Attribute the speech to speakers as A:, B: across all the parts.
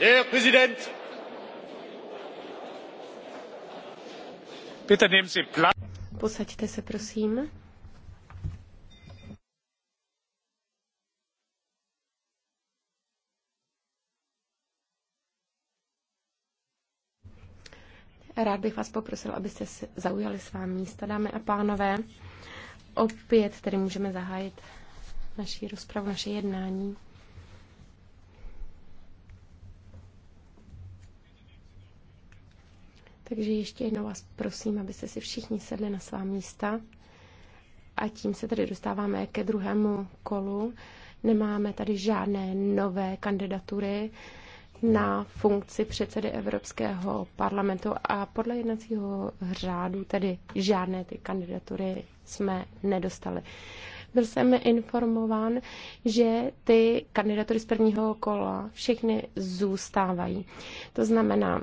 A: herr präsident! Bitte posaďte se prosím. Rád bych vás poprosil, abyste se zaujali svá místa, dámy a pánové. Opět tedy můžeme zahájit naši rozpravu, naše jednání. Takže ještě jednou vás prosím, abyste si všichni sedli na svá místa. A tím se tedy dostáváme ke druhému kolu. Nemáme tady žádné nové kandidatury na funkci předsedy Evropského parlamentu a podle jednacího řádu tedy žádné ty kandidatury jsme nedostali. Byl jsem informován, že ty kandidatury z prvního kola všechny zůstávají. To znamená,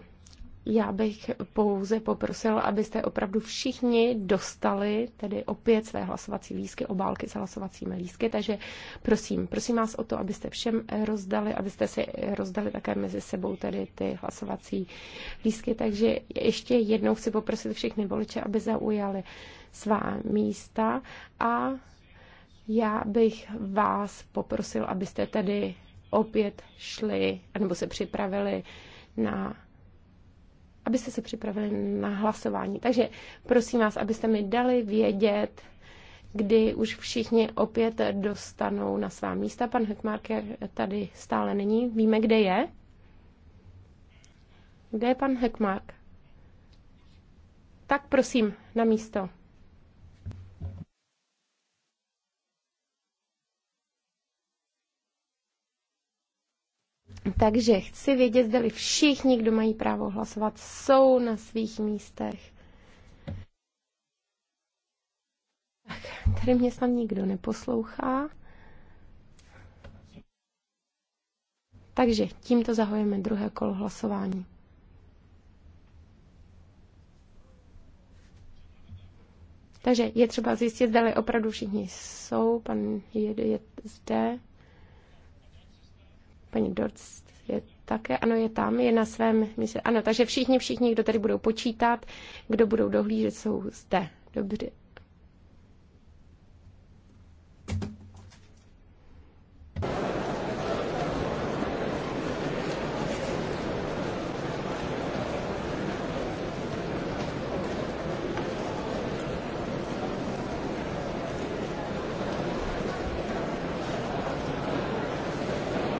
A: já bych pouze poprosil, abyste opravdu všichni dostali tedy opět své hlasovací lístky, obálky s hlasovacími lístky, takže prosím, prosím vás o to, abyste všem rozdali, abyste si rozdali také mezi sebou tedy ty hlasovací lístky, takže ještě jednou chci poprosit všechny voliče, aby zaujali svá místa a já bych vás poprosil, abyste tedy opět šli, nebo se připravili na abyste se připravili na hlasování. Takže prosím vás, abyste mi dali vědět, kdy už všichni opět dostanou na svá místa. Pan Hökmarker tady stále není. Víme, kde je? Kde je pan Hekmark? Tak prosím, na místo. Takže chci vědět, zda-li všichni, kdo mají právo hlasovat, jsou na svých místech. Tak, tady mě snad nikdo neposlouchá. Takže tímto zahajeme druhé kolo hlasování. Takže je třeba zjistit, zda opravdu všichni jsou. Pan je, je zde. Paní Dorc je také, ano, je tam, je na svém místě. Ano, takže všichni, všichni, kdo tady budou počítat, kdo budou dohlížet, jsou zde. Dobře,